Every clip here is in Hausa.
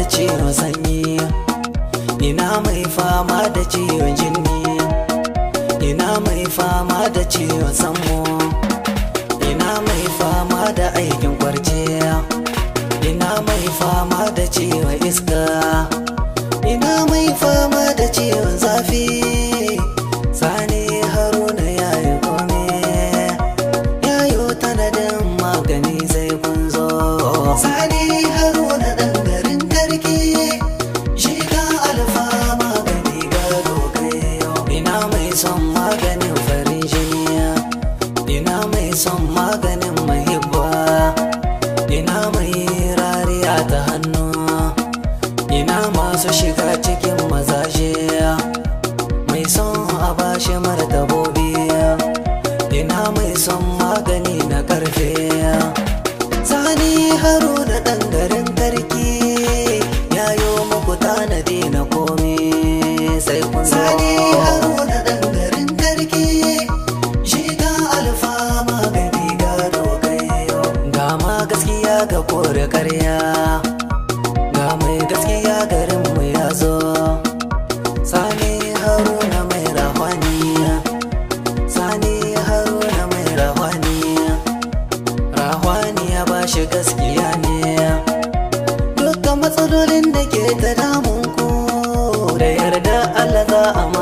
da ciwon sanyi ina mai fama da ciwon jini ina mai fama da ciwon sammo ina mai fama da aikin kwarciya ina mai fama da ciwon iska son maganin mahibba ina mai rariya ta hannu ina masu shiga cikin mazaje mai son a bashi martabobi ina mai son magani na karfe sani haro da ɗan karya ga mai gaskiya garinmu ya zo sani haruna mai rahwani sani haruna mai rahwani rahwani ya bashi gaskiya ne dukkan matsalolin da ke ta damun ku da yarda Allah za a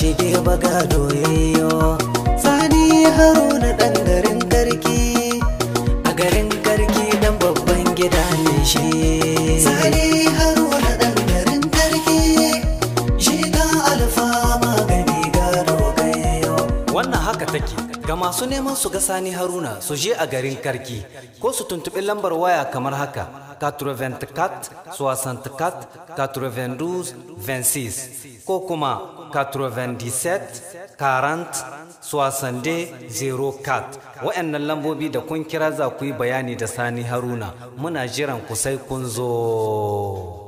shi dai baga doyayyo sani haruna dan garin karki a garin karki dan babban gida ne shi sani haruna dan garin karki shi da alfama gani gado gayyo wannan haka take ga masu neman su ga sani haruna su je a garin karki ko su tuntuɓi lambar waya kamar haka 84 64 92 26 ko kuma 97 40 soixante 04 wa'annan lambobi da kun kira za ku yi bayani da sani haruna muna jiran kusai kun zo